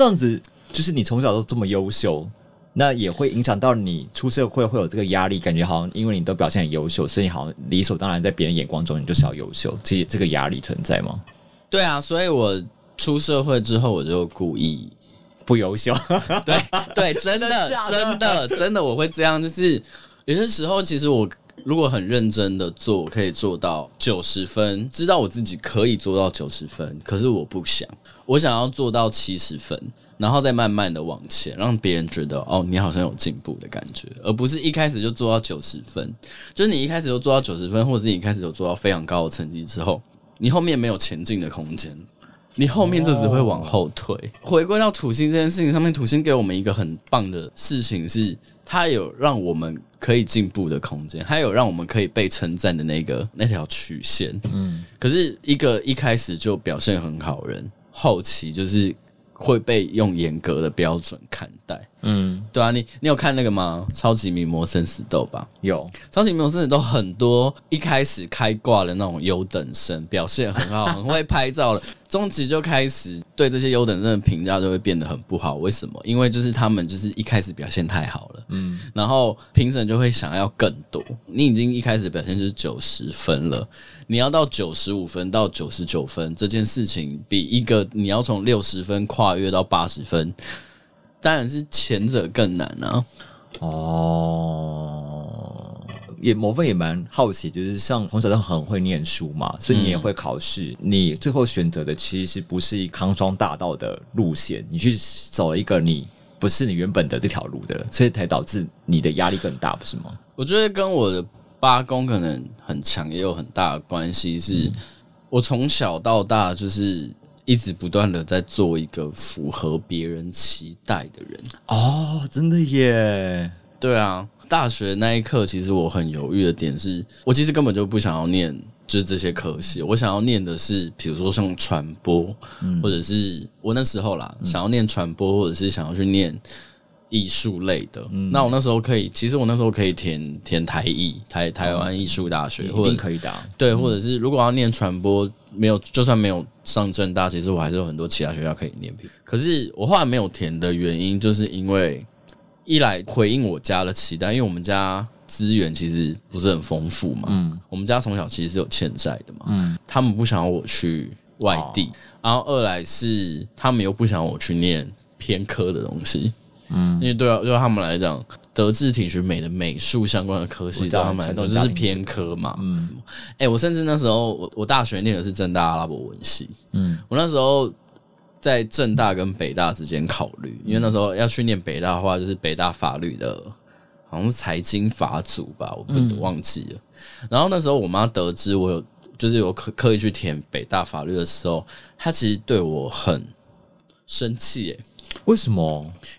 這樣子就是你從小都這麼優秀，那也會影響到你出社會會有這個壓力，感覺好像因為你都表現很優秀，所以你好像理所當然在別人眼光中你就是要優秀，其實這個壓力存在嗎？對啊，所以我出社會之後我就故意不優秀，優秀 對對，真的真的真的，真的我會這樣，就是有些時候其實我。如果很認真的做，可以做到九十分，知道我自己可以做到九十分，可是我不想，我想要做到七十分，然後再慢慢的往前，讓別人覺得哦，你好像有進步的感覺，而不是一開始就做到九十分。就是你一開始就做到九十分，或者是你開始有做到非常高的成績之後，你後面沒有前進的空間，你後面就只會往後退。哦、回歸到土星這件事情上面，土星給我們一個很棒的事情是，它有讓我們。可以進步的空間，還有讓我們可以被稱讚的那個那條曲線。嗯，可是一個一開始就表現很好人，嗯、後期就是會被用嚴格的標準看待。嗯，對啊，你你有看那個嗎？超級名模生死鬥吧？有，超級名模生死鬥有很多一開始開掛的那種優等生，表現很好，很會拍照的。 終極就開始對這些優等生的評價就會變得很不好，為什麼？因為就是他們就是一開始表現太好了，嗯，然後評審就會想要更多。你已經一開始表現就是九十分了，你要到九十五分到九十九分這件事情，比一個你要從六十分跨越到八十分，當然是前者更難呢、啊。哦。也某份也蠻好奇，就是像從小都很會念書嘛，所以你也會考試。你最後選擇的其實不是康莊大道的路線，你去走一個你不是你原本的這條路的，所以才導致你的壓力更大，不是嗎？我覺得跟我的八宮可能很強也有很大的關係，是、嗯、我從小到大就是一直不斷的在做一個符合別人期待的人。哦，真的耶？對啊。大學那一刻，其實我很猶豫的點是，我其實根本就不想要念，就是這些科系。我想要念的是，比如說像傳播，或者是我那時候啦，想要念傳播，或者是想要去念藝術類的。那我那時候可以，其實我那時候可以填填台藝，台台灣藝術大學，一定可以的。對，或者是如果我要念傳播，沒有就算沒有上政大，其實我還是有很多其他學校可以念。可是我後來沒有填的原因，就是因為。一來回應我家的期待，因為我們家資源其實不是很豐富嘛，嗯、我們家從小其實是有欠債的嘛，嗯、他們不想我去外地，哦、然後二來是他們又不想我去念偏科的東西，嗯、因為對啊，對他們來講，德智體群美的美術相關的科系對他們來講就是偏科嘛、嗯欸，我甚至那時候我大學念的是政大阿拉伯文系，嗯、我那時候。在政大跟北大之間考慮，因為那時候要去念北大的話，就是北大法律的，好像是財經法組吧，我不忘記了。嗯、然後那時候我媽得知我有就是有可刻意去填北大法律的時候，她其實對我很生氣、欸、為什麼？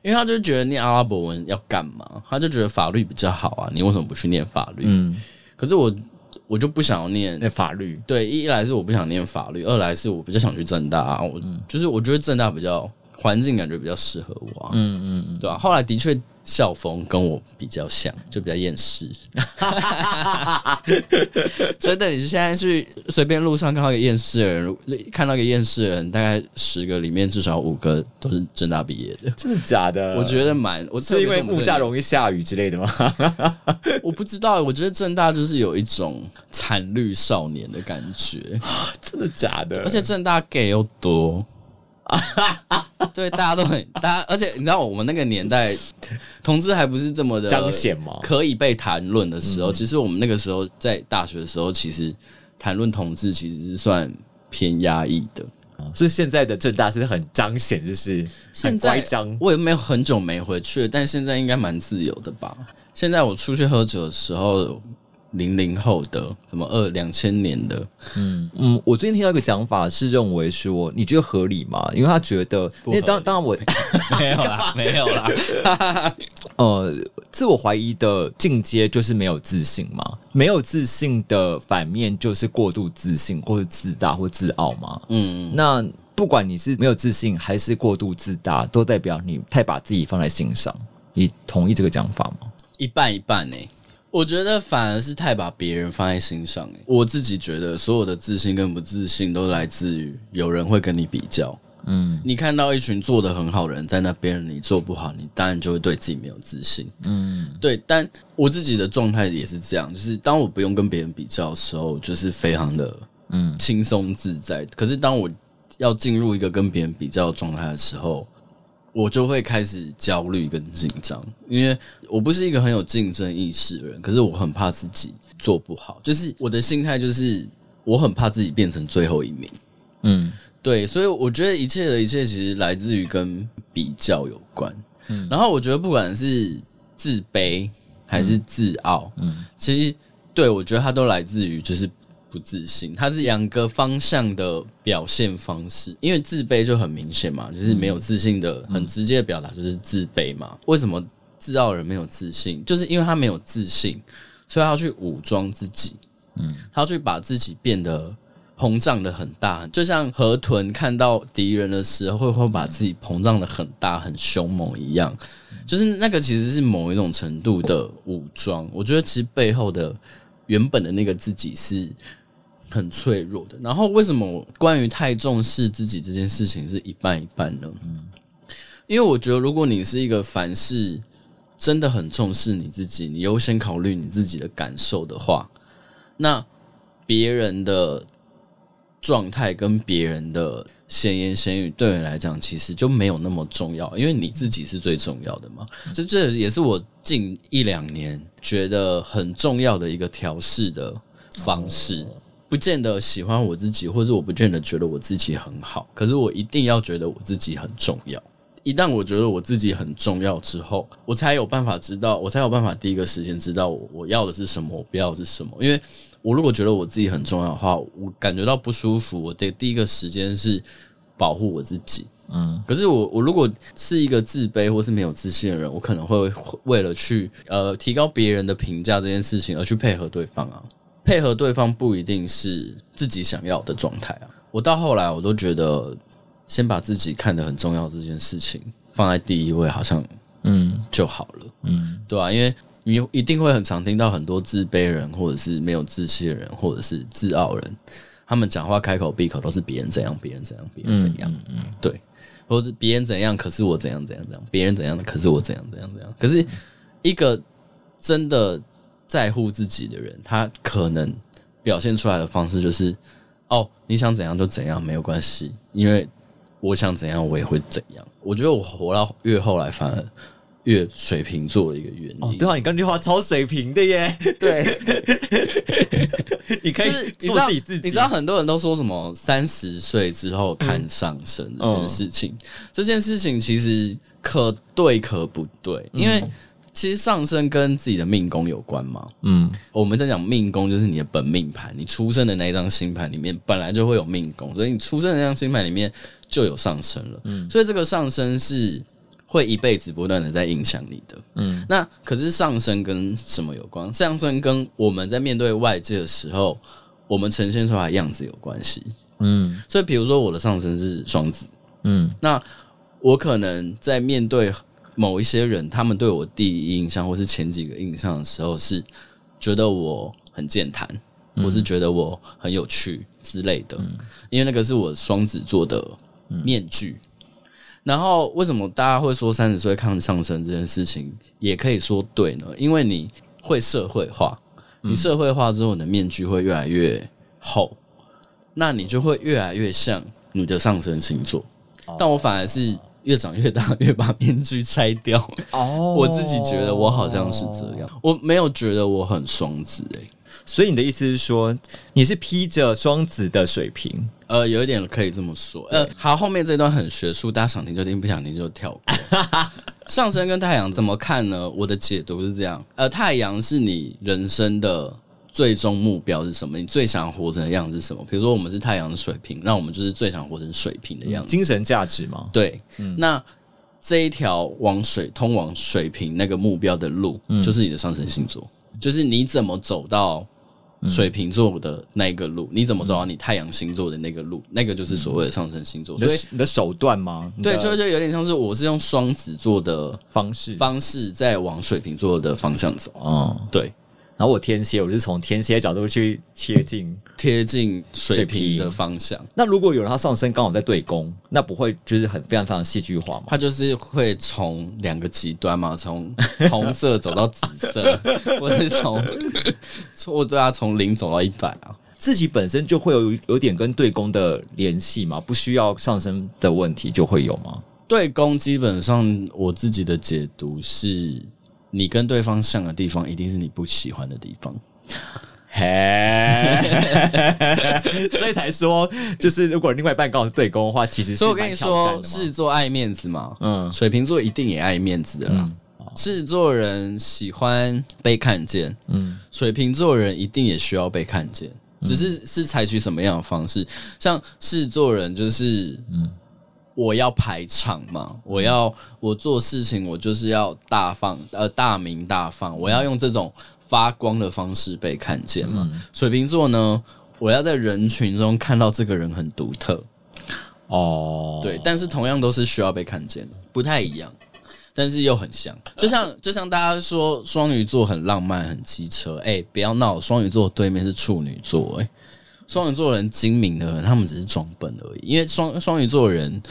因為她就覺得念阿拉伯文要幹嘛？她就覺得法律比較好啊，你為什麼不去念法律？嗯、可是我。我就不想要念，念法律。對，一來是我不想念法律。嗯、二來是我比較想去政大，我、嗯、就是我覺得政大比較環境感覺比較適合我。啊，嗯嗯對、嗯、啊，後來的確。校風跟我比較像，就比較厭世。 真的，你現在去隨便路上看到一個厭世的人，看到一個厭世的人，大概十個裡面至少五個都是政大畢業的。真的假的？我覺得蠻……我，我是因為木柵容易下雨之類的嗎？ 我不知道。我覺得政大就是有一種慘綠少年的感覺。真的假的？而且政大 Gay 又多。 對，大家都很，大家， 而且你知道，我們那個年代，同志還不是這麼的彰顯嗎，可以被談論的時候。其實我們那個時候在大學的時候，嗯、其實談論同志其實是算偏壓抑的。所以現在的政大是很彰顯，就是很乖張在。我也沒有很久沒回去，但現在應該蠻自由的吧？現在我出去喝酒的時候。零零後的什麼二兩千年的，嗯嗯，我最近聽到一個講法是認為說，你覺得合理嗎？因為他覺得，因為當當然我沒有啦，沒有啦。呃，自我懷疑的進階就是沒有自信嘛，沒有自信的反面就是過度自信或者自大或自傲嘛，嗯，那不管你是沒有自信還是過度自大，都代表你太把自己放在心上，你同意這個講法嗎？一半一半呢、欸。我覺得反而是太把別人放在心上。我自己覺得所有的自信跟不自信都來自於有人會跟你比較。嗯，你看到一群做得很好的人在那邊，你做不好，你當然就會對自己沒有自信。嗯，對。但我自己的狀態也是這樣，就是當我不用跟別人比較的時候，就是非常的嗯輕鬆自在。嗯，可是當我要進入一個跟別人比較狀態的時候，我就會開始焦慮跟緊張，因為我不是一個很有競爭意識的人，可是我很怕自己做不好，就是我的心態就是我很怕自己變成最後一名，嗯，對，所以我覺得一切的一切其實來自於跟比較有關，嗯，然後我覺得不管是自卑還是自傲，嗯，嗯，其實，對，我覺得它都來自於就是。不自信，它是兩個方向的表現方式。因為自卑就很明顯嘛，就是沒有自信的很直接的表達就是自卑嘛。為什麼自傲人沒有自信？就是因為他沒有自信，所以他要去武裝自己。嗯，他要去把自己變得膨脹的很大，就像河豚看到敵人的時候會不會把自己膨脹的很大、很兇猛一樣。就是那個其實是某一種程度的武裝。我覺得其實背後的原本的那個自己是很脆弱的。然後為什麼我關於太重視自己這件事情是一半一半呢？嗯、因為我覺得如果你是一個凡事真的很重視你自己，你優先考慮你自己的感受的話，那別人的狀態跟別人的閒言閒語對你來講其實就沒有那麼重要，因為你自己是最重要的嘛。嗯、就這也是我近一兩年覺得很重要的一個調適的方式。哦哦哦不見得喜歡我自己，或是我不見得覺得我自己很好。可是我一定要覺得我自己很重要。一旦我覺得我自己很重要之後，我才有辦法知道，我才有辦法第一個時間知道我我要的是什麼，我不要的是什麼。因為我如果覺得我自己很重要的話，我感覺到不舒服，我得第一個時間是保護我自己。嗯，可是我我如果是一個自卑或是沒有自信的人，我可能會為了去呃提高別人的評價這件事情而去配合對方啊。配合對方不一定是自己想要的狀態啊！我到後來我都覺得，先把自己看得很重要的這件事情放在第一位，好像嗯，就好了，嗯，對啊，因為你一定會很常聽到很多自卑人，或者是沒有自信的人，或者是自傲人，他們講話開口閉口都是別人怎樣，別人怎樣，別人怎樣，嗯，對，或者別人怎樣，可是我怎樣怎樣怎樣，別人怎樣，可是我怎樣怎樣怎樣，可是一個真的，在乎自己的人，他可能表現出來的方式就是：哦，你想怎樣就怎樣，沒有關係，因為我想怎樣我也會怎樣。我覺得我活到越後來，反而越水瓶座的一個原因。哦，對啊，你剛這句話超水瓶的耶。對， 你可以做自己，自己你。你知道很多人都說什麼三十歲之後看上升這件事情，嗯嗯、這件事情其實可對可不對，嗯、因為。其實上升跟自己的命宮有關嘛，嗯，我們在講命宮就是你的本命盤，你出生的那一張星盤裡面本來就會有命宮，所以你出生的那張星盤裡面就有上升了，嗯，所以這個上升是會一輩子不斷的在影響你的，嗯，那可是上升跟什麼有關？上升跟我們在面對外界的時候，我們呈現出來的樣子有關係，嗯，所以比如說我的上升是雙子，嗯，那我可能在面對。某一些人，他們對我第一印象或是前幾個印象的時候，是覺得我很健談，嗯、或是覺得我很有趣之類的。嗯、因為那個是我雙子座的面具。嗯、然後，為什麼大家會說三十歲看上升這件事情也可以說對呢？因為你會社會化，你社會化之後，你的面具會越來越厚，那你就會越來越像你的上升星座。哦、但我反而是。越長越大，越把面具拆掉。哦，oh, 我自己覺得我好像是這樣，oh. 我沒有覺得我很雙子誒，所以你的意思是說，你是披着雙子的水瓶？呃，有一點可以這麼說。對呃，好，後面這段很學術，大家想聽就聽，不想聽就跳。 上升跟太陽怎麼看呢？我的解讀是這樣：呃，太陽是你人生的最終目標是什麼？你最想活成的樣子是什麼？比如說，我們是太陽的水瓶，那我們就是最想活成水瓶的樣子。嗯、精神價值嗎？對，嗯、那這一條往水通往水瓶那個目標的路，嗯、就是你的上升星座，嗯、就是你怎麼走到水瓶座的那一個路，嗯、你怎麼走到你太陽星座的那個路，嗯、那個就是所謂的上升星座。所以你的手段嗎？對，就就有點像是我是用雙子座的方式方式在往水瓶座的方向走哦，對。然後我天蠍，我是從天蠍角度去貼近貼近水平的方向。那如果有人他上升剛好在對宮，那不會就是很非常非常戲劇化嗎？他就是會從兩個極端嘛，從紅色走到紫色，或 是從我大家從零走到一百啊。自己本身就會有有點跟對宮的聯繫嘛，不需要上升的問題就會有嗎？對宮基本上我自己的解讀是。你跟對方像的地方，一定是你不喜歡的地方，嘿 所以才說，就是如果另外一半剛好對宮的話，其實是蠻挑戰的嘛。所以，我跟你說，獅子座愛面子嘛，嗯，水瓶座一定也愛面子的啦。獅子座、嗯、人喜歡被看見，嗯，水瓶座人一定也需要被看見，只是是採取什麼樣的方式？像獅子座人就是，嗯。我要排場嘛，我要我做事情，我就是要大放。呃，大鳴大放，我要用這種發光的方式被看見嘛。嗯、水瓶座呢，我要在人群中看到這個人很獨特哦，對，但是同樣都是需要被看見，不太一樣，但是又很像，就像就像大家說雙魚座很浪漫很機車，哎、欸，不要鬧，雙魚座對面是處女座、欸，誒。雙魚座人精明的人，他們只是裝笨而已。因為雙雙魚座人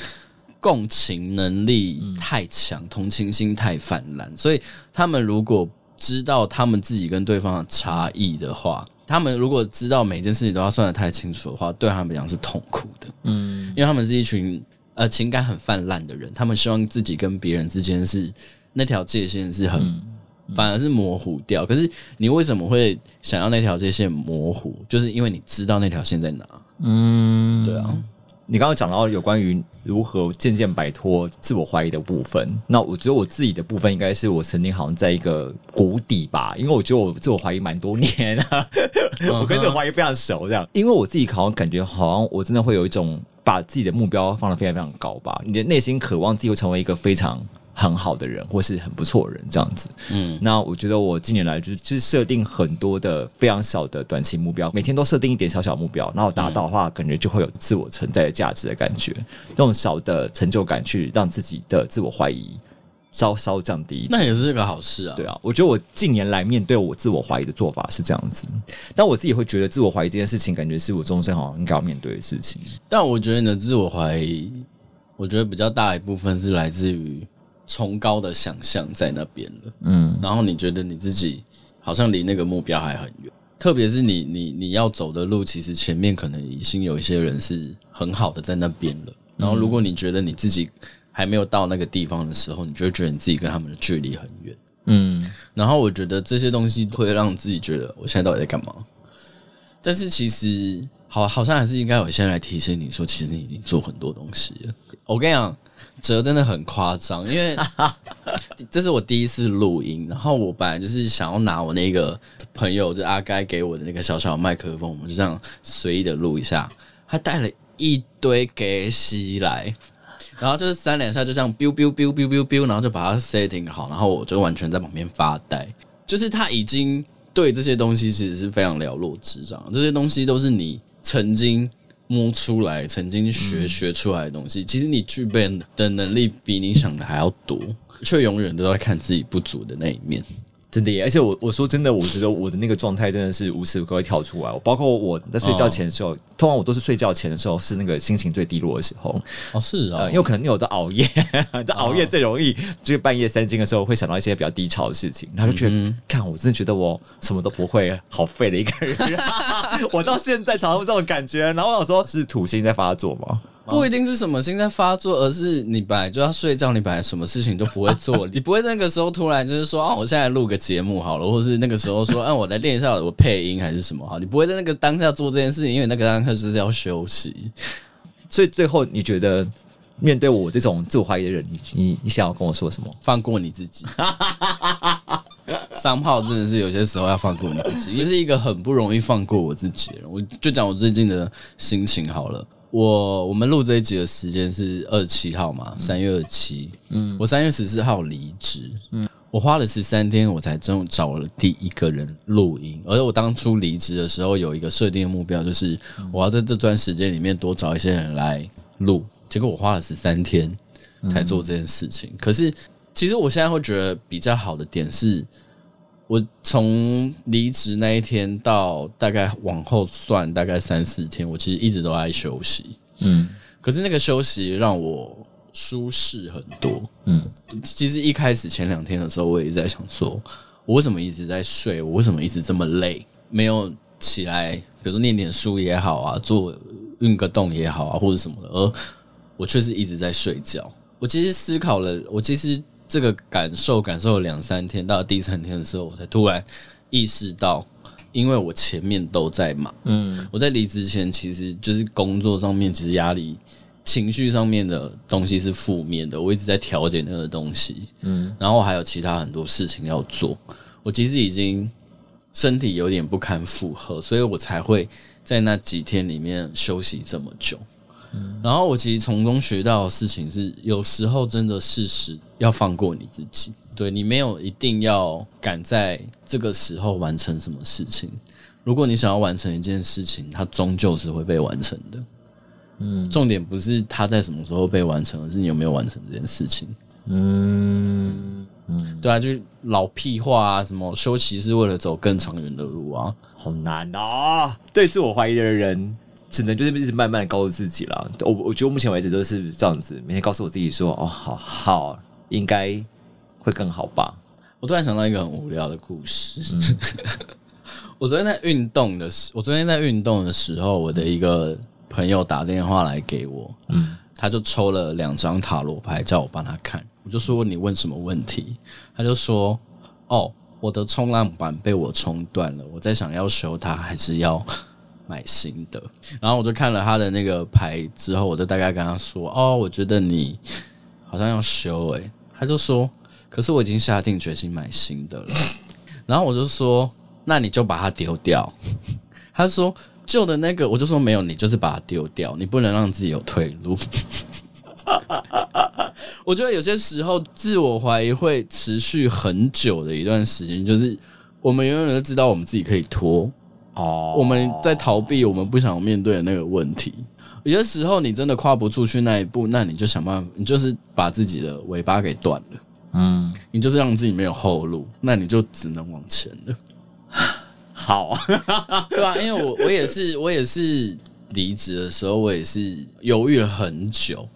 共情能力太強，嗯、同情心太泛濫，所以他們如果知道他們自己跟對方的差異的話，他們如果知道每件事情都要算得太清楚的話，對他們來講是痛苦的。嗯，因為他們是一群呃情感很泛濫的人，他們希望自己跟別人之間是那條界限是很。嗯反而是模糊掉，可是你為什麼會想要那條界線模糊？就是因為你知道那條線在哪。嗯，對啊。你剛剛講到有關於如何漸漸擺脫自我懷疑的部分，那我覺得我自己的部分應該是我曾經好像在一個谷底吧，因為我覺得我自我懷疑蠻多年了、啊，uh huh. 我跟自我懷疑非常熟這樣。因為我自己好像感覺好像我真的會有一種把自己的目標放得非常非常高吧，你的內心渴望自己會成為一個非常。很好的人，或是很不錯的人，這樣子。嗯，那我覺得我近年來就是、就是設定很多的非常小的短期目標，每天都設定一點小小目標，然後達到的話，嗯、感覺就會有自我存在的價值的感覺，那種小的成就感，去讓自己的自我懷疑稍,稍稍降低。那也是一個好事啊。對啊，我覺得我近年來面對我自我懷疑的做法是這樣子，但我自己會覺得自我懷疑這件事情，感覺是我終身好像應該要面對的事情。但我覺得你的自我懷疑，我覺得比較大一部分是來自於。崇高的想象在那邊了，嗯，然後你覺得你自己好像離那個目標還很遠，特別是你你你要走的路，其實前面可能已經有一些人是很好的在那邊了。然後如果你覺得你自己還沒有到那個地方的時候，你就會覺得你自己跟他們的距離很遠，嗯。然後我覺得這些東西會讓自己覺得我現在到底在幹嘛？但是其實好，好像還是應該我先來提醒你說，其實你已經做很多東西了。我跟你講。這真的很誇張，因為這是我第一次錄音。然後我本來就是想要拿我那個朋友，就是、阿該給我的那個小小麥克風，我們就這樣隨意的錄一下。他帶了一堆 Gear 來，然後就是三兩下就這樣，biu biu biu biu biu biu，然後就把它 setting 好，然後我就完全在旁邊發呆。就是他已經對這些東西其實是非常了如指掌，這些東西都是你曾經摸出來，曾經學學出來的東西，其實你具備的能力比你想的還要多，卻永遠都在看自己不足的那一面。真的耶，而且我我說真的，我覺得我的那個狀態真的是無時無刻會跳出來。我包括我在睡覺前的時候，oh. 通常我都是睡覺前的時候是那個心情最低落的時候。Oh, 哦，是啊、呃，因為我可能你有在熬夜， 在熬夜最容易、oh. 就是半夜三更的時候會想到一些比較低潮的事情，然後就覺得看、mm hmm.，我真的覺得我什麼都不會，好廢的一個人。 我到現在常常這種感覺，然後我想說是土星在發作嗎？不一定是什麼心在發作，而是你本來就要睡覺，你本來什麼事情都不會做， 你不會在那個時候突然就是說哦，我現在錄個節目好了，或是那個時候說，嗯、啊，我來練一下我配音還是什麼哈，你不會在那個當下做這件事情，因為那個當下就是要休息。所以最後你覺得面對我這種自我懷疑的人，你你想要跟我說什麼？放過你自己。三炮 真的是有些時候要放過你自己，就是一個很不容易放過我自己。我就講我最近的心情好了。我我們錄這一集的時間是二十七號嘛，三月二十七，嗯，我三月十四號離職，嗯，我，嗯我花了十三天，我才終於找了第一個人錄音。而我當初離職的時候有一個設定的目標，就是我要在這段時間裡面多找一些人來錄。結果我花了十三天才做這件事情。嗯，可是其實我現在會覺得比較好的點是。我從離職那一天到大概往後算大概三四天，我其實一直都在休息。嗯，可是那個休息讓我舒適很多。嗯，其實一開始前兩天的時候，我也在想說，我為什麼一直在睡？我為什麼一直這麼累？沒有起來，比如說念點書也好啊，做運個動也好啊，或者什麼的，而我確實一直在睡覺。我其實思考了，我其實。這個感受感受了兩三天，到第三天的時候，我才突然意識到，因為我前面都在忙，嗯，我在離職前其實就是工作上面，其實壓力、情緒上面的東西是負面的，我一直在調節那個東西，嗯，然後我還有其他很多事情要做，我其實已經身體有點不堪負荷，所以我才會在那幾天裡面休息這麼久。嗯，然後我其實從中學到的事情是，有時候真的事實。要放過你自己。對你沒有一定要趕在這個時候完成什麼事情。如果你想要完成一件事情，它終究是會被完成的。嗯，重點不是它在什麼時候被完成，而是你有沒有完成這件事情。嗯嗯，嗯對啊，就是老屁話啊，什麼休息是為了走更長遠的路啊，好難啊，哦。對自我懷疑的人，只能就是一直慢慢的告訴自己啦。我我覺得我目前為止都是這樣子，每天告訴我自己說哦，好好。應該會更好吧。我突然想到一個很無聊的故事，嗯 我的，我昨天在運動的時，我昨天在運動的時候，我的一個朋友打電話來給我，嗯、他就抽了兩張塔羅牌，叫我幫他看。我就說你問什麼問題？他就說，哦，我的衝浪板被我衝斷了，我在想要修它還是要買新的。然後我就看了他的那個牌之後，我就大概跟他說，哦，我覺得你好像要修，哎、欸。他就說：“可是我已經下定決心買新的了。”然後我就說：“那你就把它丟掉。 ”他說：“舊的那個。”我就說：“沒有，你就是把它丟掉，你不能讓自己有退路。 ”我覺得有些時候自我懷疑會持續很久的一段時間，就是我們永遠都知道我們自己可以拖哦，oh. 我們在逃避我們不想面對的那個問題。有的時候，你真的跨不出去那一步，那你就想辦法，你就是把自己的尾巴給斷了，嗯，你就是讓自己沒有後路，那你就只能往前了。 好， 對啊，因為我我也是我也是離職的時候，我也是猶豫了很久，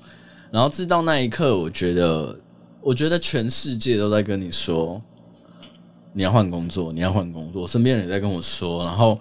然後直到那一刻，我覺得我覺得全世界都在跟你說你要換工作，你要換工作，身邊人也在跟我說，然後。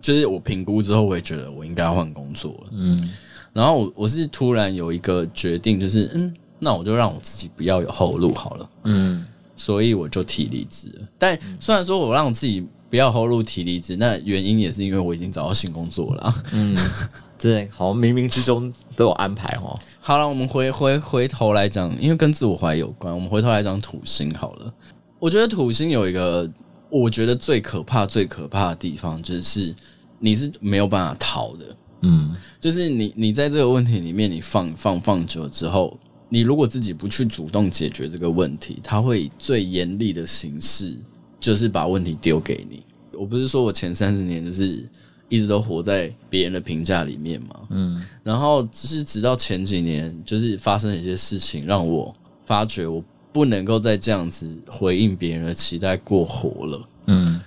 就是我評估之後，我也覺得我應該要換工作了。嗯，然後我我是突然有一個決定，就是嗯，那我就讓我自己不要有後路好了。嗯，所以我就提離職。但雖然說我讓我自己不要後路提離職，那原因也是因為我已經找到新工作了啊。嗯， 對，好，冥冥之中都有安排哦。 好了，我們回回回頭來講，因為跟自我懷疑有關，我們回頭來講土星好了。我覺得土星有一個。我覺得最可怕、最可怕的地方就是你是沒有辦法逃的，嗯，就是你你在這個問題裡面，你放放放久了之後，你如果自己不去主動解決這個問題，他會以最嚴厲的形式，就是把問題丟給你。我不是說我前三十年就是一直都活在別人的評價裡面嘛，嗯，然後就是直到前幾年，就是發生一些事情，讓我發覺我。不能夠再這樣子回應別人的期待過活了。嗯，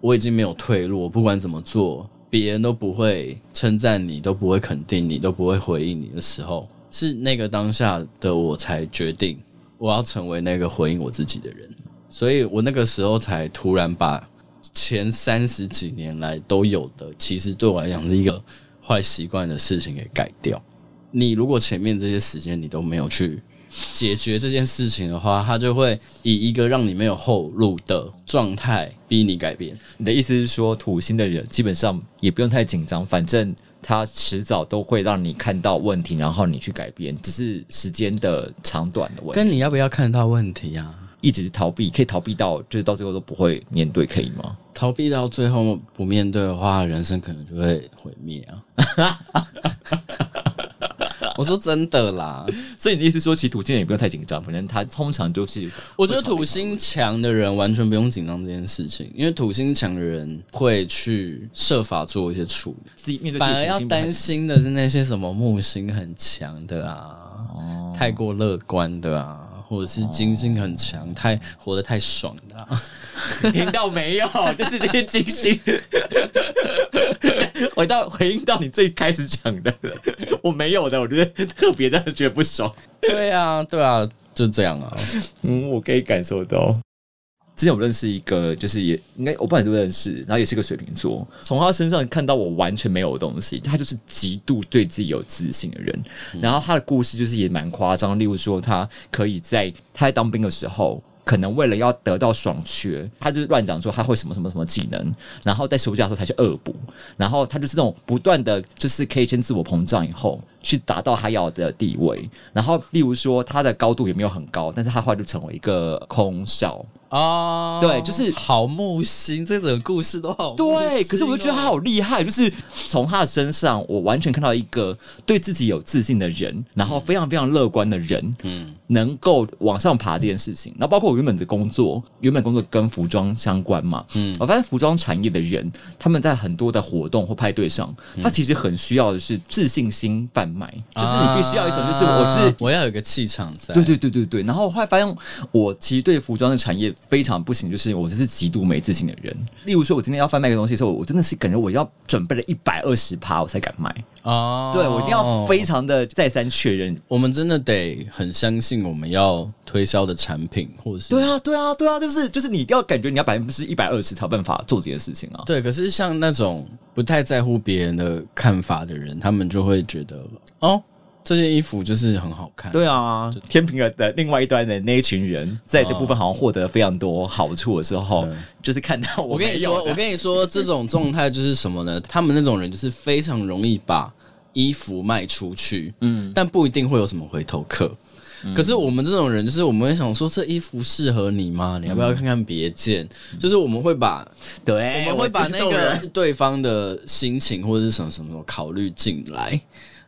我已經沒有退路，不管怎麼做，別人都不會稱讚你，都不會肯定你，都不會回應你的時候，是那個當下的我才決定我要成為那個回應我自己的人。所以我那個時候才突然把前三十幾年來都有的，其實對我來講是一個壞習慣的事情給改掉。你如果前面這些時間你都沒有去，解決這件事情的話，他就會以一個讓你沒有後路的狀態逼你改變。你的意思是說，土星的人基本上也不用太緊張，反正他遲早都會讓你看到問題，然後你去改變，只是時間的長短的問題。跟你要不要看得到問題啊？一直是逃避，可以逃避到就是到最後都不會面對，可以嗎？逃避到最後不面對的話，人生可能就會毀滅啊。 我說真的啦，所以你的意思說，其實土星也不用太緊張，反正他通常就是，我覺得土星強的人完全不用緊張這件事情，因為土星強的人會去設法做一些處理，反而要擔心的是那些什麼木星很強的啊，太過樂觀的啊。或者是金星，很強、oh.，太活得太爽了，聽到沒有？ 就是這些金星， 回到回應到你最開始講的，我沒有的，我覺得特別的覺得不爽。對啊，對啊，就這樣啊。嗯，我可以感受到。之前我認識一個，就是也應該我不敢認識，然後也是個水瓶座。從他身上看到我完全沒有的東西，他就是極度對自己有自信的人。嗯、然後他的故事就是也蠻誇張，例如說他可以在他在當兵的時候，可能為了要得到爽缺，他就亂講說他會什麼什麼什麼技能，然後在休假的時候他去惡補，然後他就是這種不斷的就是可以先自我膨脹以後去達到他要的地位。然後例如說他的高度也沒有很高，但是他後來就成為一個空少。哦，oh, 對，就是好木星，這整個故事都好，喔，對。可是我就覺得他好厲害，就是從他的身上，我完全看到一個對自己有自信的人，嗯、然後非常非常樂觀的人，嗯，能夠往上爬這件事情。嗯、然後包括我原本的工作，原本的工作跟服裝相關嘛，嗯，我發現服裝產業的人，他們在很多的活動或派對上，他其實很需要的是自信心販賣，嗯、就是你必須要一種，就是我就是、啊、我要有個氣場在。對對對對對。然後後來發現，我其實對服裝的產業。非常不行，就是我就是極度沒自信的人。例如說，我今天要販賣一個東西的時候，我真的是感覺我要準備了一百二十趴，我才敢賣啊！哦、對我一定要非常的再三確認。我們真的得很相信我們要推銷的產品，或是對啊，對啊，對啊，就是就是，你一定要感覺你要百分之一百二十才有辦法做這件事情啊！對，可是像那種不太在乎別人的看法的人，他們就會覺得哦。這件衣服就是很好看。對啊，就天平的另外一端的那一群人，在這部分好像獲得了非常多好處的時候，對就是看到我,我跟你說，我跟你說，這種狀態就是什麼呢？他們那種人就是非常容易把衣服賣出去，嗯，但不一定會有什麼回頭客。嗯、可是我們這種人，就是我們會想說，這衣服適合你嗎？你要不要看看別件？嗯、就是我們會把，對，我們會把那個對方的心情或者是什麼什麼考慮進來。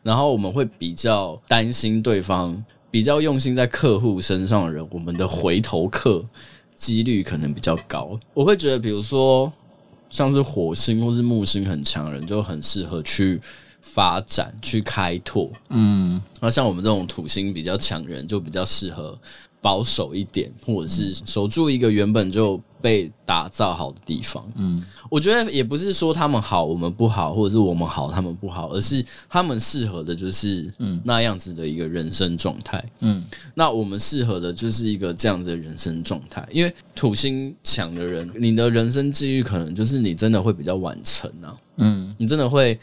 然後我們會比較擔心對方，比較用心在客戶身上的人，我們的回頭客幾率可能比較高。我會覺得，比如說像是火星或是木星很強人，就很適合去發展、去開拓。嗯，那像我們這種土星比較強人，就比較適合，保守一點，或者是守住一個原本就被打造好的地方。嗯，我覺得也不是說他們好我們不好，或者是我們好他們不好，而是他們適合的就是那樣子的一個人生狀態。嗯，那我們適合的就是一個這樣子的人生狀態。因為土星強的人，你的人生際遇可能就是你真的會比較晚成啊。嗯，你真的會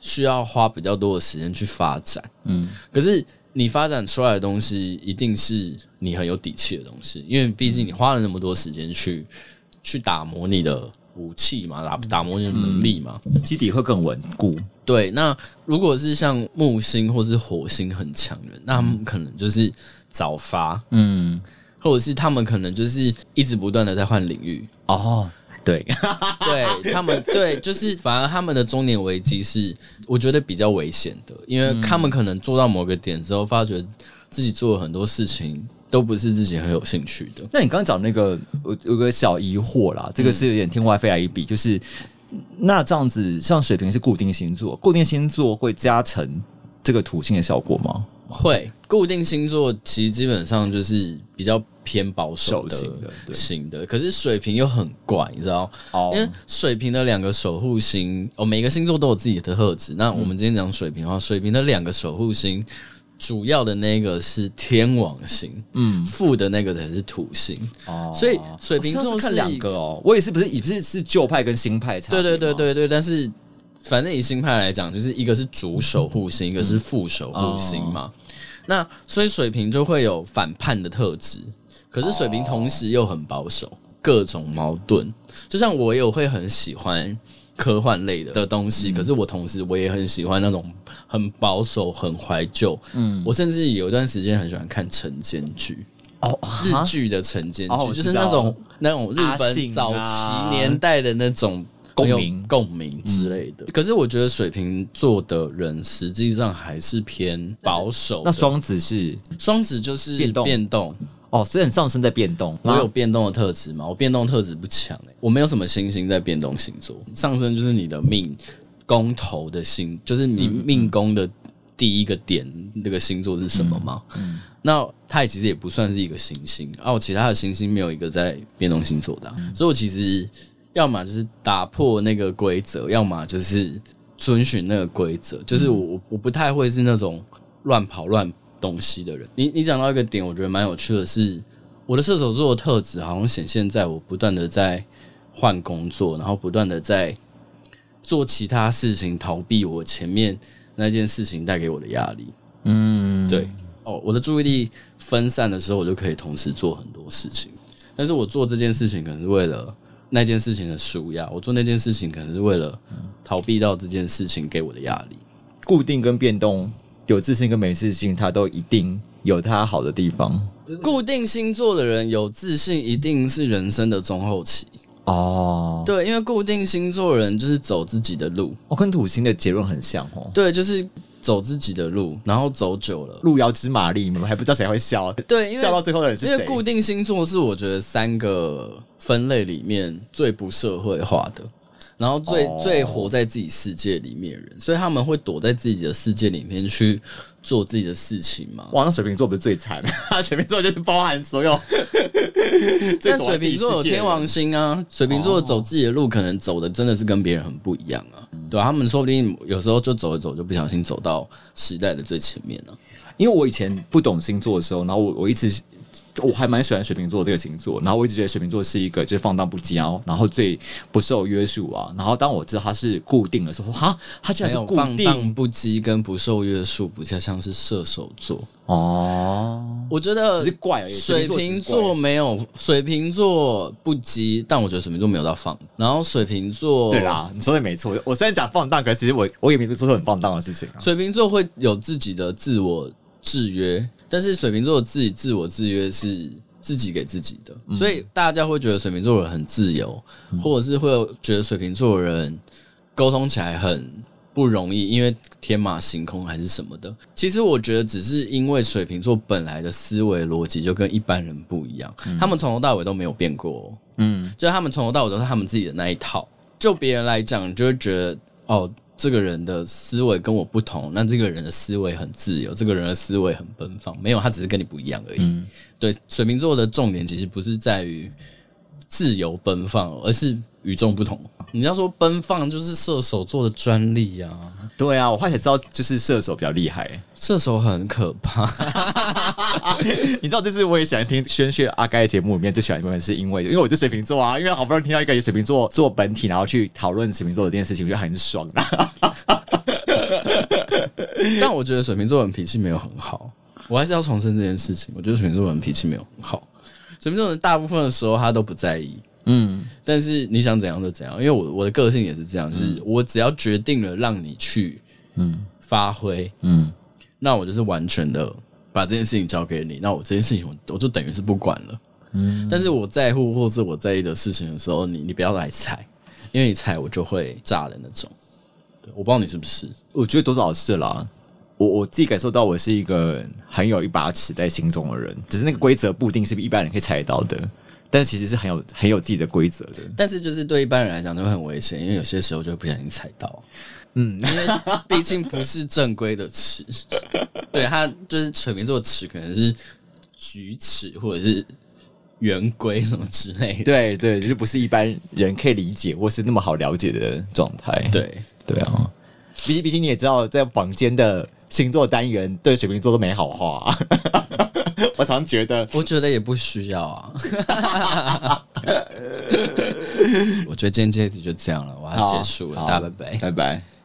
需要花比較多的時間去發展。嗯，可是。你發展出來的東西一定是你很有底氣的東西，因為畢竟你花了那麼多時間去去打磨你的武器嘛，打打磨你的能力嘛，嗯，基底會更穩固。對，那如果是像木星或是火星很強的，那他們可能就是早發，嗯，或者是他們可能就是一直不斷的在換領域哦。對， 對，對他們，對，就是反而他們的中年危機是我覺得比較危險的，因為他們可能做到某個點之後，發覺自己做了很多事情都不是自己很有興趣的。那你剛剛講那個，我有個小疑惑啦，這個是有點天外飛來一筆，嗯、就是那這樣子，像水瓶是固定星座，固定星座會加成這個土星的效果嗎？會，固定星座其實基本上就是比較。偏保守的型的，型的對，可是水瓶又很怪，你知道？Oh. 因為水瓶的兩個守護星，哦，每個星座都有自己的特質。那我們今天講水瓶的話，嗯、水瓶的兩個守護星，主要的那個是天王星，嗯，副的那個才是土星。哦，oh. 所以水瓶座是、哦、是看兩個哦。我也是，不是也不是是舊派跟新派差，對對對對對。但是反正以新派來講，就是一個是主守護星， 一個是副守護星嘛。Oh. 那所以水瓶就會有反叛的特質。可是水瓶同時又很保守，oh. 各種矛盾。就像我也有會很喜歡科幻類的的東西，嗯、可是我同時我也很喜歡那種很保守、很懷舊。嗯，我甚至有一段時間很喜歡看晨間劇哦，oh, huh? 日劇的晨間劇，oh, 就是那種那種日本早期年代的那種共鳴、共鳴之類的。民可是我覺得水瓶座的人實際上還是偏保守。那雙子是雙子就是變動。變動哦，所以你上升在變動，我有變動的特質嘛，我變動特質不強誒、欸，我沒有什麼行星在變動星座。上升就是你的命宮頭的星，就是你命宮的第一個點，嗯、那個星座是什麼嘛、嗯嗯、那它其實也不算是一個行星，哦、啊，其他的行星沒有一個在變動星座的、啊，嗯、所以我其實要麼就是打破那個規則，要麼就是遵循那個規則，就是我我不太會是那種亂跑亂。東西的人，你你講到一個點，我覺得蠻有趣的是，我的射手座的特質好像顯現在我不斷的在換工作，然後不斷的在做其他事情，逃避我前面那件事情帶給我的壓力。嗯，對，哦，oh，我的注意力分散的時候，我就可以同時做很多事情，但是我做這件事情可能是為了那件事情的舒壓，我做那件事情可能是為了逃避到這件事情給我的壓力。固定跟變動。有自信跟沒自信，他都一定有他好的地方。固定星座的人有自信，一定是人生的中後期哦。對，因為固定星座的人就是走自己的路。哦。跟土星的結論很像哦。對，就是走自己的路，然後走久了，路遙知馬力，你們還不知道誰會笑。對，因為笑到最後的人是誰？因為固定星座是我覺得三個分類裡面最不社會化的。然後最最活在自己世界裡面的人，oh, oh, oh, oh, oh. 所以他們會躲在自己的世界裡面去做自己的事情嘛。哇，那水瓶座不是最慘嗎？他、嗯、 水瓶座就是包含所有。但水瓶座有天王星啊， 水瓶座走自己的路，可能走的真的是跟別人很不一樣啊。Oh, oh. 對啊，他們說不定有時候就走一走，就不小心走到時代的最前面了，啊。因為我以前不懂星座的時候，然後我我一直。我還蠻喜歡水瓶座這個星座，然後我一直覺得水瓶座是一個就是放蕩不羈然後最不受約束啊。然後當我知道它是固定的時候哈，它竟然是固定，放蕩不羈跟不受約束不，比較像是射手座哦。我覺得怪，水瓶座沒有水瓶座不羈，但我覺得水瓶座沒有到放。然後水瓶座，對啦，你說的沒錯，我雖然講放蕩，可是其實我我也沒說說很放蕩的事情啊。水瓶座會有自己的自我制約。但是水瓶座的自己自我制約是自己給自己的，嗯、所以大家會覺得水瓶座的人很自由，嗯、或者是會覺得水瓶座的人溝通起來很不容易，因為天馬行空還是什麼的。其實我覺得只是因為水瓶座本來的思維邏輯就跟一般人不一樣，嗯、他們從頭到尾都沒有變過，嗯，就是他們從頭到尾都是他們自己的那一套，就別人來講你就會覺得哦。這個人的思維跟我不同，那這個人的思維很自由，這個人的思維很奔放，沒有，他只是跟你不一樣而已。嗯、對，水瓶座的重點其實不是在於。自由奔放，而是與眾不同。你要說奔放，就是射手座的專利啊！對啊，我後來才知道，就是射手比較厲害。射手很可怕。 你知道，這是我也喜歡聽宣泄阿蓋的節目裡面最喜歡的部分，是因為因為我是水瓶座啊，因為好不容易聽到一個水瓶座做本體，然後去討論水瓶座的這件事情，我覺得很爽的。但我覺得水瓶座人脾氣沒有很好，我還是要重申這件事情。我覺得水瓶座人脾氣沒有很好。這種人大部分的時候他都不在意，嗯，但是你想怎樣就怎樣，因為我我的個性也是這樣，就、嗯、是我只要決定了讓你去嗯，嗯，發揮，嗯，那我就是完全的把這件事情交給你，那我這件事情我就等於是不管了，嗯，但是我在乎或是我在意的事情的時候，你你不要來踩，因為你踩我就會炸的那種，對，我不知道你是不是，我覺得多少事啦、啊。我我自己感受到，我是一個很有一把尺在心中的人，只是那個規則不一定是比一般人可以踩到的，但是其實是很有很有自己的規則的。但是就是對一般人來講就很危險，因為有些時候就會不小心踩到。嗯，因為畢竟不是正規的尺， 對它就是水瓶座的尺可能是矩尺或者是圓規什麼之類的。對對，就是不是一般人可以理解或是那麼好了解的狀態。對對啊、哦，畢竟畢竟你也知道，在房間的。星座單元對水瓶座都沒好話、啊， 我常覺得，我覺得也不需要啊。 我覺得今天這一題就這樣了，我要結束了，好大拜拜，好拜拜。拜拜。